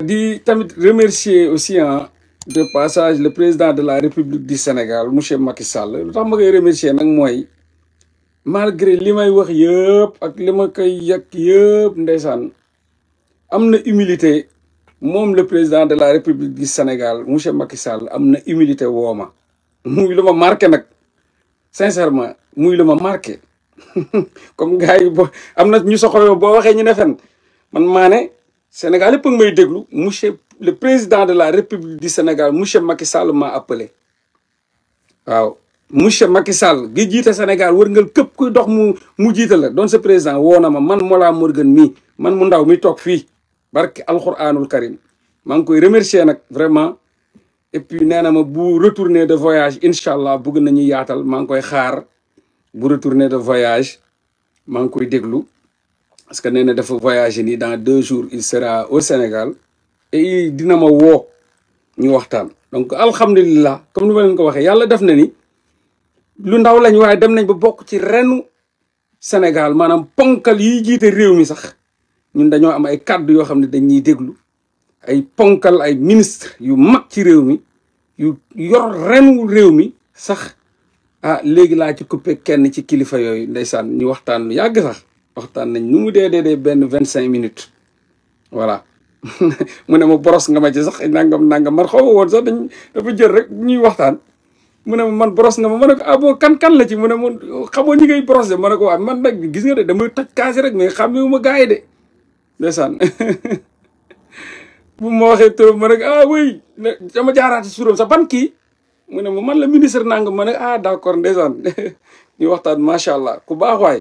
di tamit remercier aussi ah de passage le président de la république du Sénégal monsieur Macky Sall lu tax ma remercier nag mooy malgré li may wax yëpp ak li ma koy yàq yëpp ndeysaan am na humilité moom le président de la république du Sénégal monsieur Macky Sall am na humilité woo ma muy lu marqué nag sincèrement muy lu ma marqué comme gars yi am na ñu soxla boo waxee ñu ne fen man maa Sénégal yëpp a may déglu monsieur le président de la république du Sénégal monsieur Macky Sall m'a appelé waaw monsieur Macky Sall gi jiite Sénégal wërngal képp kuy dox mu mu jiite la président woo na ma man Mollah Morgun mii man mu ndaw mi toog fii barke alxuraanul karim maa ngi koy remercier nag vraiment et puis nee na ma bu retourner de voyage incha allah bëgg ñuy yaatal maa ngi koy xaar bu retourner de voyage maa ngi koy déglu parce que nee na dafa voyager nii dans deux jours il sera au Sénégal et dina ma woo ñu waxtaan donc alxamdulillah comme ni ma leen ko waxee yàlla def na ni lu ndaw lañ waaye dem nañ ba bokk ci renu Sénégal maanaam ponkal yiy jiite réew mi sax ñun dañoo am ay kàddu yoo xam ne dañuy déglu ay ponkal ay ministre yu mag ci réew mi yu yor renu réew mi sax ah léegi laa ci coupé kenn ci kilifa yooyu ndeysaan ñu waxtaan lu yàgg sax waxtaan nañ nu mu dee dee benn vingt cinq minutes voilà mu ne ma boros nga ma ci sax nangam nangam man xaw ma woon sax dañ dafa jël rek ñuy waxtaan mu ne man boros nga ma ma ne ko ah bon kan kan la ci mu ne ma xamoo ñi ngay boros ma ne ko waa ah, man nag gis nga de damay toj kaasi rek mais xàmmeewuma gars yi de ndeysaan bu ma waxee turam ma ne ko ah dama jaaraati suuram sa ban kii mu ne ma man la ministre nanga ma ne ah d' accord ndeysaan ñu waxtaan macha allah ku baax waay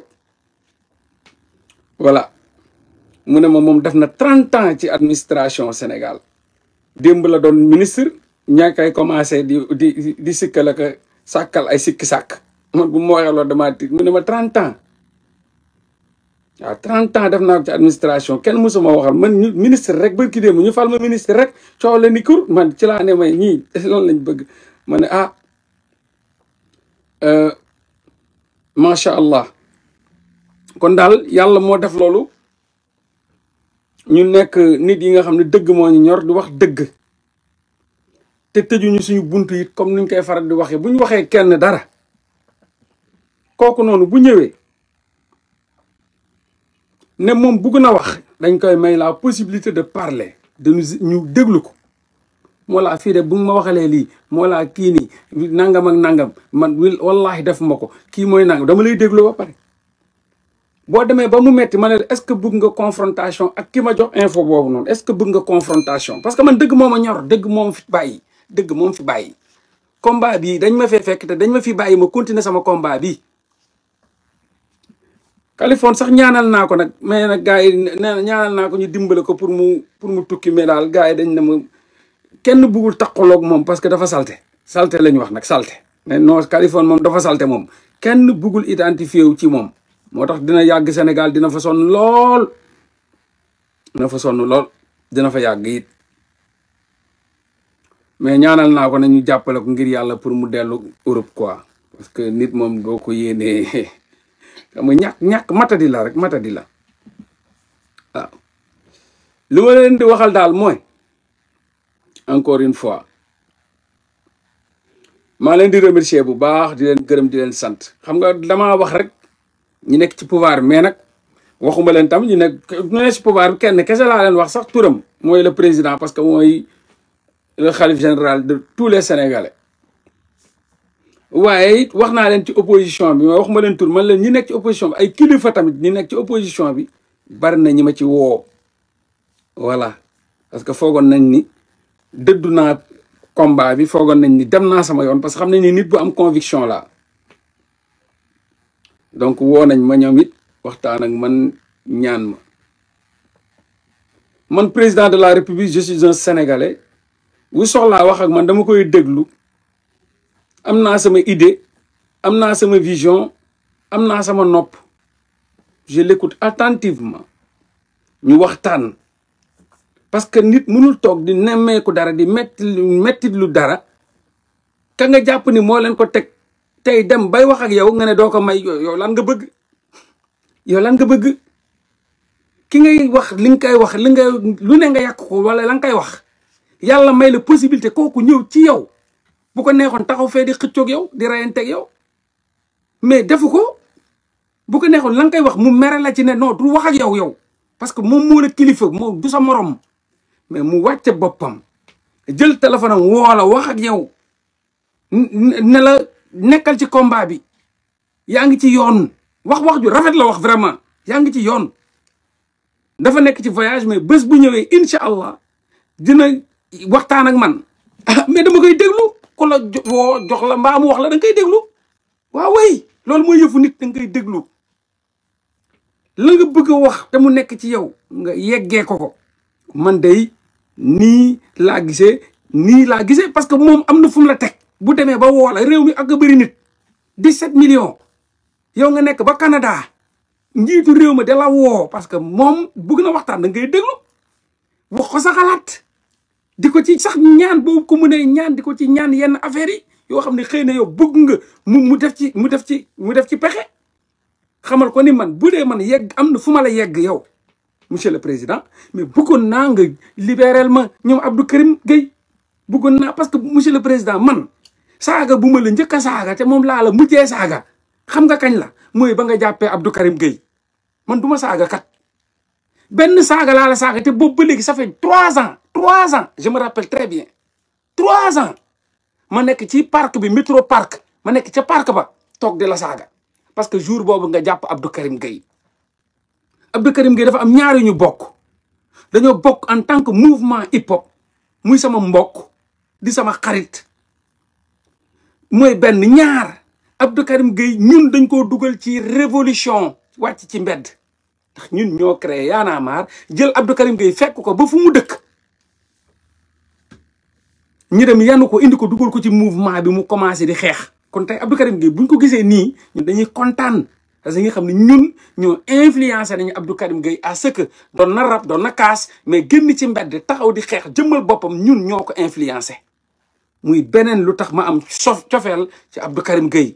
voilà mu ne ma moom def na trente ans ci administration Sénégal démb la doon ministre ñaa koy commencé di di di sikkal ak sàkkal ay sikki sàkk man bu ma waxee loolu damaa tiit mu ne ma trente ans waaw trente ans def naa ko ci administration kenn mësuma waxal man ñu ministre rek bërki démb ñu fal ma ministre rek coow la ni kur man ci laa ne may ñii loolu lañ bëgg ma ne ah euh, macha allah kon daal yàlla moo def loolu ñu nekk nit yi nga xam ne dëgg moo ñu ñor di wax dëgg te tëjuñu suñu bunt yit comme nuñ koy faral di waxee bu ñu waxee kenn dara kooku noonu bu ñëwee ne moom bugg na wax dañ koy may la possibilité de parler de ñu déglu ko moo laa fii de bu ma waxalee lii moo laa kii nii nangam ak nangam man wallahi def ma ko kii mooy nangam dama lay déglu ba pare boo demee ba mu metti ma ne est-ce que bëgg nga confrontation ak ki ma jox info boobu noonu est-ce que bëgg nga confrontation parce que man dëgg moom a ñor dëgg moom fi bàyyi dëgg moom fi bàyyi combat bii dañ ma fee fekk te dañ ma fi bàyyi ma continuer sama combat bi Californie sax ñaanal naa ko nag mais nag gars yi ñaanal naa ko ñu dimbale ko pour mu pour mu tukki mais daal gars yi dañ ne ma kenn buggul taqaloog moom parce que dafa salte salte la ñu wax nag salte mais non Californie moom dafa salte moom kenn bëggul identifié wu ci moom moo tax dina yàgg Sénégal dina fa sonn lool dina fa sonn lool dina fa yàgg it mais ñaanal naa ko nañu jàppale ko ngir yàlla pour mu dellu Europe quoi parce que nit moom boo ko yéenee xam nga ñàkk ñàkk matadi la rek matadi la waaw li ma leen di waxal daal mooy encore une fois maa leen di remercier bu baax di leen kërëm di leen sant xam nga damaa wax rek ñi nekk ci pouvoir mais nag waxuma leen tam ñi nekk ñu ci pouvoir kenn kese laa leen wax sax turam mooy le président parce que mooy le xalif général de tous les sénégalais waaye it wax naa leen ci opposition bi mais waxuma leen tur man leen ñi nekk ci opposition bi ay kilifa tamit ñi nekk ci opposition bi bari na ñi ma ci woo voilà parce que foogoon nañ ni dëddu naa combat bi foogoon nañ ni dem naa sama yoon parce que xam nañ ni nit bu am conviction la donc woo nañ ma ñoom it waxtaan ak man ñaan ma man président de la république je suis un sénégalais bu soxlaa wax ak man dama koy déglu am naa sama idée am naa sama vision am naa sama nopp je l'écoute attentivement ñu waxtaan parce que nit mënul toog di nemmeeku dara di metti metti dara ka nga jàpp ni moo leen ko teg tey dem bay wax ak yow nga ne doo ko may yow lan nga bëgg yow lan nga bëgg ki ngay wax li nga koy wax li nga lu ne nga yàq ko wala la nga koy wax yàlla may la possibilité kooku ñëw ci yow bu ko neexoon taxaw fee di xëccoog yow di reyanteeg yow mais defu ko bu ko neexoon la nga koy wax mu mere la ci ne non du wax ak yow yow parce que moom moo la kilifa moo du sa morom mais mu wàcce boppam jël téléphone am woo la wax ak yow nekkal ci kombaa bi yaa ngi ci yoon wax-wax ju rafet la wax vraiment yaa ngi ci yoon dafa nekk ci voyage mais bés bu ñëwee incha allah dina waxtaan ak man ah, mais dama koy déglu ko la jox la mbaamu wax la da koy déglu waaw way loolu mooy yëfu nit da déglu la nga bëgg wax te mu nekk ci yow nga yeggee ko ko man day nii laa gisee nii laa gise parce que moom am na fu mu la teg bu demee ba woola réew mi ak a bëri nit 17 millions yow nga nekk ba Canada njiitu réew ma da woo parce que moom bëgg na waxtaan da ngay déglu wax ko xalaat di ko ci sax ñaan boobu ko mënee ñaan di ko ci ñaan yenn affaires yi yoo xam ne xëy na yow bëgg nga mu mu def ci mu def ci mu def ci pexe xamal ko ni man bu dee man yegg am na fu ma la yegg yow monsieur le président mais bëggoon naa nga libéral ma ñoom Abdou Karim Gueye bëggoon naa parce que monsieur le président man saaga bu ma la njëkk a saaga te moom laa la mujjee saaga xam nga kañ la mooy ba nga jàppee Abdou Karim Gueye man du ma saaga kat benn saaga laa la saaga te boobu ba léegi ça fait trois ans trois ans je me rappelle très bien trois ans ma nekk ci parc bi métro park ma nekk ca parc ba toog di la saaga parce que jour boobu nga jàpp Abdou Karim Gueye Abdou Karim Gueye dafa am ñaari ñu bokk dañoo bokk en tant que mouvement hip hop muy sama mbok di sama xarit mooy benn ñaar Abdou Karim Gueye ñun dañ koo dugal ci révolution wàcc ci mbedd ndax ñun ñoo créé Y'en a marre jël Abdou Karim Gueye fekk ko ba fu mu dëkk ñu dem yanu ko indi ko dugal ko ci mouvement bi mu commencé di xeex kon tey Abdou Karim bu buñ ko gisee nii ñun dañuy kontaan parce que nga xam ne ñun ñoo influencé nañu Abdou Karim Gueye à ce que doon rab doon na kaas mais génn ci mbedd taxaw di xeex jëmmal boppam ñun ñoo ko influencé muy beneen lu tax ma am sof cofeel ci Abdou Karim Gueye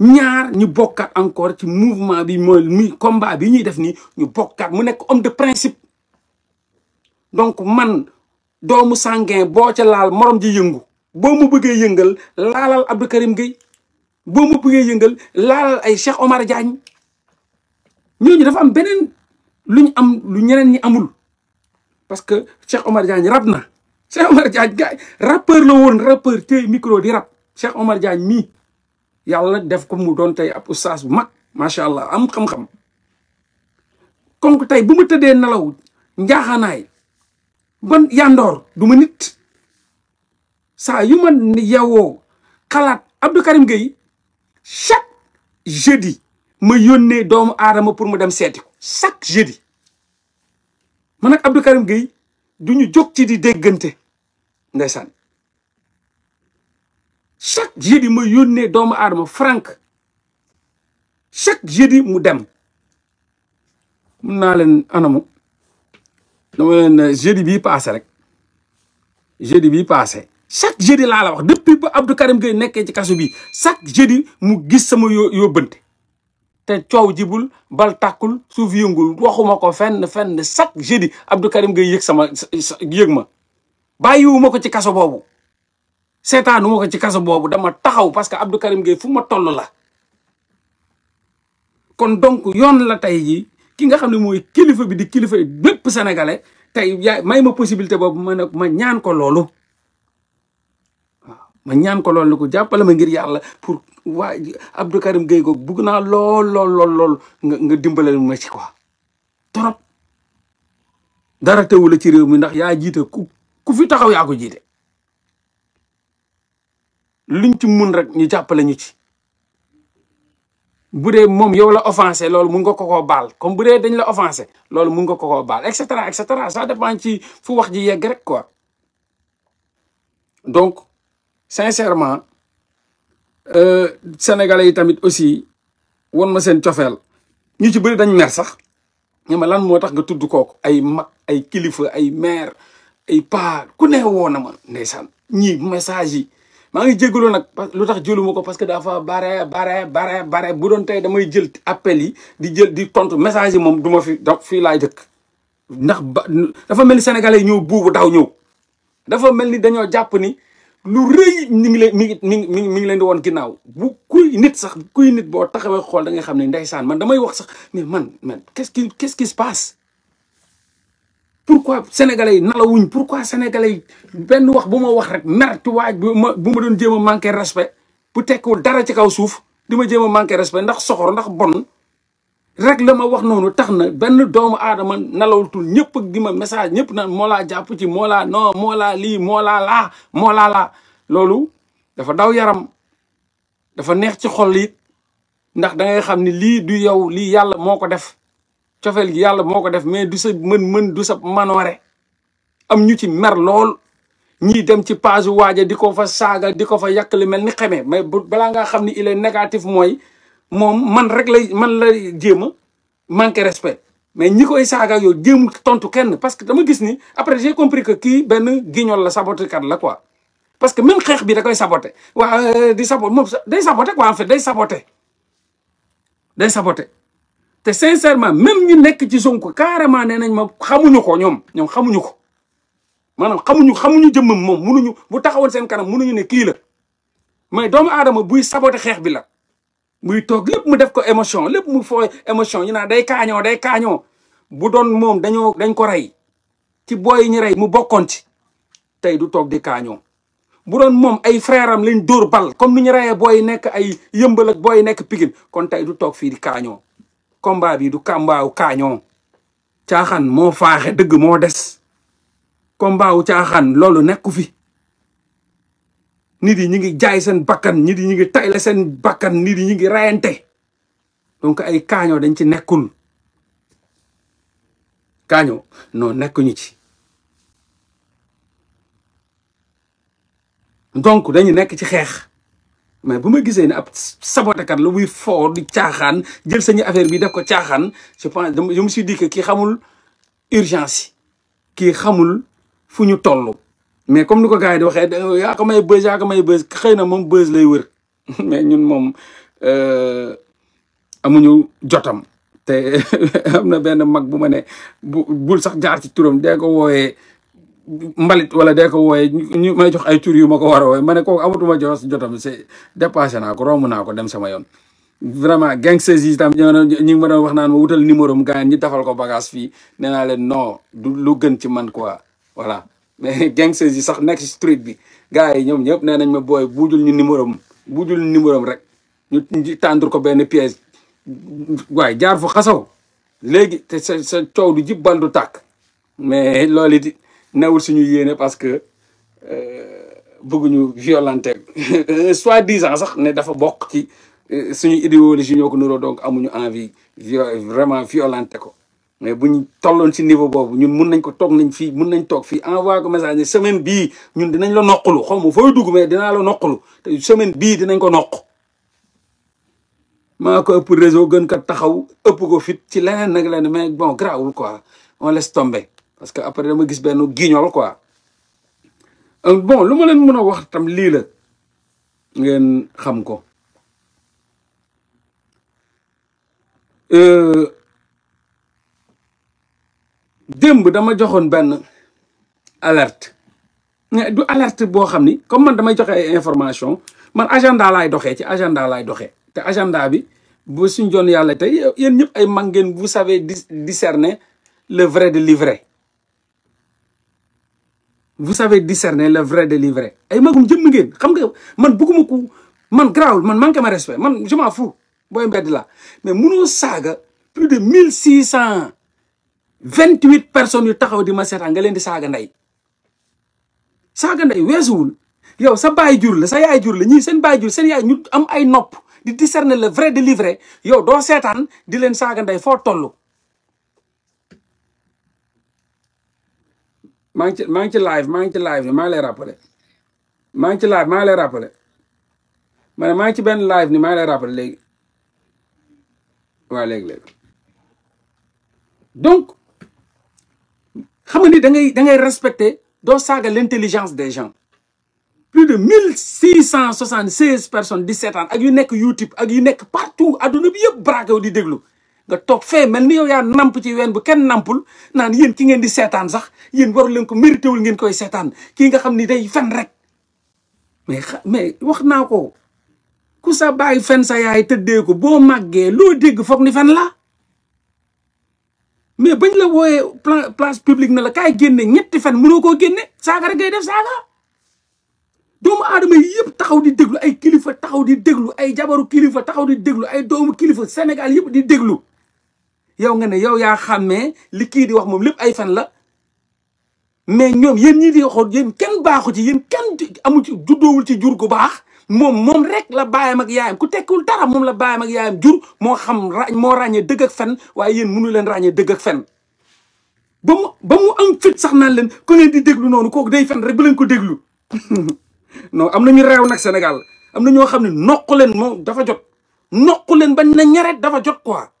ñaar ñu bokkaat encore ci mouvement bi mooy muy combat bi ñuy def nii ñu bokkaat mu nekk om de principe donc man doomu sanguin boo ca laal moroom ji yëngu boo mu bëggee yëngal laalal Abdou Karim Gueye boo mu bëggee yëngal laalal ay Cheikh Omar Diagne ñooñu dafa am beneen lu ñu am lu ñeneen ñi amul parce que Cheikh Omar Diagne rab na Cheikh Omar Diagne gars rappeur la woon rappeur téye micro di rap Cheikh Omar Diagne mii yàlla def ko mu doon tey ab ustaas bu mag macha allah am xam-xam kon tey bu mu tëddee nelaw njaaxaanaay ban yandoor du ma nit saa yu ma yewoo xalaat Abdou Karim Gueye chaque jeudi ma yónnee doomu aadama pour mu dem seeti ko chaque jeudi man nag Abdou Karim Gueye du ñu jóg ci di déggante ndeysaan chaque jeudi ma yónnee doomu aadama franc chaque jeudi mu dem mun naa leen anamu dama leen jeudi bii passé rek jeudi bii passé chaque jeudi laa la wax depuis ba Abdou Karim Gueye nekkee ci kaso bi chaque jeudi mu gis sama yóbbante te coow jibul bal tàkkul suuf yëngul waxuma ko fenn fenn chaque jeudi Abdou Karim Gueye yëg sama yëg ma bàyyiwuma ko ci kaso boobu seetaanuma ko ci kaso boobu dama taxaw parce que Abdou Karim Gueye fu ma toll la kon donc yoon la tey jii ki nga xam ne mooy kilifa bi di kilifa bépp sénégalais tey yaay may ma possibilité boobu ma ne ma ñaan ko loolu ma ñaan ko loolu ne ko jàppale ma ngir yàlla pour waa Abdou Karim Gueye ko bugg naa lool lool lool lool nga nga dimbalal ma ci quoi trop dara tewu la ci réew mi ndax yaa jiite ku ku fi taxaw yaa ko jiite luñ ci mun rek ñu jàppale ñu ci bu dee moom yow la offensé lool mun nga ko koo baal comme bu dee dañ la offensé loolu mun nga ko ko baal et cetera et cetera ça dépend ci fu wax ji yegg rek quoi donc sincèrement euh, sénégalais yi tamit aussi won ma seen cofeel ñu ci bëri dañ mer sax ñu ma lan moo tax nga tudd kooku ay mag ay kilifa ay maire ay paa ku ne woo na ma ndeysaan ñii message yi maa ngi jégalu nag lu tax jëluma ko parce que dafa bare bare bare bare bu doon tey damay jël appel yi di jël di tontu message yi moom duma fi da fii laay dëkk ndax ba dafa mel ni sénégalais yi ñëw buubu daw ñëw dafa mel ni dañoo jàpp ni lu rëy mi ngi leen mii ngi mi mii mi ngi leen di woon ginnaaw bu kuy nit sax kuy nit boo taxawee xool da nga xam ne saan man damay wax sax mais man man qu'est-ce qui qu'est-ce qui se passe pourquoi sénégalais yi nalawuñ pourquoi sénégalais yi benn wax bu ma wax rek merti waaj bu ma bu ma doon jéem a manqué respect bu tekkiwul dara ci kaw suuf di ma jéem a manqué respect ndax soxor ndax bon rek la ma wax noonu tax na benn doomu aadama nalawtul ñëpp ak di message ñëpp na moo laa jàpp ci moo no non moo laa lii moo la laa loolu dafa daw yaram dafa neex ci xol yi ndax dangay xam ni lii du yow lii yàlla moo ko def cofeel gi yàlla moo ko def mais du sa mën-mën du sa manoore am ñu ci mer lool ñii dem ci page waaja di ko fa saaga di ko fa yàq li ni xeme mais balaa nga xam ni il est mooy moom man rek lay man la jéem a manqué respect mais ñi koy saaga yow jéem tontu kenn parce que dama gis ni après j'ai compris que kii benn guignol la sabotekat la quoi parce que même xeex bi da koy sabote waa euh, di sabote moom day sabote quoi en day sabote day sabote te sincèrement même ñu nekk ci Sonko carrément nee nañ ma xamuñu ko ñoom ñoom xamuñu ko maanaam xamuñu xamuñu jëmmam moom munuñu bu taxawoon seen kanam munuñu ne kii la mais doomu aadama buy sabote xeex bi la muy toog lépp mu def ko émotion lépp mu fooy émotion ñu naan day kaañoo day kaañoo bu doon moom dañoo dañ ko rey ci booy yi rey mu bokkoon ci tey du toog di kaañoo bu doon moom ay frère lañ dóor bal comme ni ñu reyee booy nekk ay yëmbal ak booy nekk pigin kon tey du toog fii di kaañoo combat bi du kambaawu kaañoo caaxaan moo faaxe dëgg moo des combat wu caaxaan loolu nekku fi nit yi ñu ngi jaay seen bakkan nit yi ñu ngi tayle seen bakkan nit yi ñu ngi donc ay kaañoo dañ ci nekkul kaañoo non nekkuñu ci donc dañu nekk ci xeex mais bu ma gisee ne ab sabotekat la muy foo di caaxaan jël sañu affaire bi def ko caaxaan je pense je me suis dit que kii xamul urgence yi kii xamul fu ñu toll mais comme ni ko gars yi di waxee yaa ko may buzz yaa ko may buzz xëy na moom buzz lay wër mais ñun moom euh, amuñu jotam te am na benn mag bu ma ne bu bul sax jaar ci turam dee ko wooyee mbalit wala dee ko wooyee ñu may jox ay tur yu ma ko war a wooye ma ne ko amatuma jox jotam c'est dépassé naa ko romb naa ko dem sama yoon vraiment gangsters yi tam ñoo ñu ngi ma doon wax naan ma wutal numéro am gars ñi defal ko bagaas fii nee naa leen non du lu gën ci man quoi voilà mais gangsters yi sax nekk si street bi gars yi ñoom ñëpp nee nañ ma booy buujul ñu numéro am buujul ñu numéro am rek ñu tendre ko benn pièce waaye jaar fu xasaw léegi te sa sa coow du jib bandu tàkk mais loolu it newul suñu yéene parce que euh, bëgguñu violenter soit disant sax ne dafa bokk ci euh, suñu idéologie ñoo ko nuroo donc amuñu envie vraiment violenter ko mais bu ñu tolloon si niveau boobu ñun mun nañ ko toog nañ fii mun nañ toog fii envoyé ko message ne semaine bii ñun dinañ la noqulu xaw ma fooy dugg mais dinaa la noqulu te semaine bii dinañ ko noq maa ko ëpp réseau gën ko taxaw ëpp ko fit ci leneen nag leneen mais bon grawul quoi on laisse tombe parce que après ma gis benn guignol quoi euh, bon lu ma leen mën a wax tam lii la ngeen xam ko euh, démb dama joxoon benn alerte du alerte boo xam ni comme man damay joxe ay information man agenda laay doxee ci agenda laay doxe te agenda bi bu suñ joon yàlla tey yéen ñëpp ay mag ngeen vous savez discerner le vrai de l'ivraie vous savez discerner le vrai de l'ivraie ay magum jëmm ngeen xam nga man bëgguma ku man garaawul man manqué ma respect man je fu fous booy mbedd la mais munoo saaga plus de mille six cent vingt huit personnes yu taxaw di ma seetaan nga leen di saaga ndey saaga ndey weesuwul yow sa baay jur la sa yaay jur la ñii seen baay jur seen yaay ñu am ay nopp di discerner le vrai de l'ivraie yow doo seetaan di leen saaga nday foo toll. maa ngi ci maa ngi ci live maa ngi ci live maa ngi lay rappelé maa ngi ci live maa ngi lay rappelé ma ne maa ngi ci benn live ni maa ngi lay rappelé léegi léegi léegi donc xam nga ni da ngay da ngay respecter doo saaga l'intelligence des gens plus de mille six cent soixante seize personnes di sept ak yu nekk YouTube ak yu nekk partout adduna bi yëpp braqué wu di déglu nga toog fee mel ni yow yaa namp ci ween bu kenn nampul naan yéen ki ngeen di seetaan sax yéen waru leen ko mérité ngeen koy setaan kii nga xam ni day fen rek mais mais wax naa ko ku sa bàyyi fen sa yaay tëddee ko boo màggee loo dégg foog ni fen la mais bañ la wooyee place publique na la kaay génne ñetti fan munoo koo génne saaga rek def saaga doomu aadama yi yëpp taxaw di déglu ay kilifa taxaw di déglu ay jabaru kilifa taxaw di déglu ay doomu kilifa Sénégal yëpp di déglu yow nga ne yow yaa xàmmee li kii di wax moom lépp ay fan la mais ñoom yéen ñii di waxoon yéen kenn baaxu ci yéen kenn amu ci juddoowul ci jur gu baax moom moom rek la baayam ak yaayam ku tekkul dara moom la baayam ak yaayam jur moo xam ra moo ràññee dëgg ak fen waaye yéen mënu leen ràññee dëggag ak fen ba mu am fit sax naan leen ku ngeen di déglu noonu kooku day fen rek bu leen ko déglu non am na mi réew nag Sénégal am na ñoo xam ne noq leen moom dafa jot noq leen ba na ñaret dafa jot quoi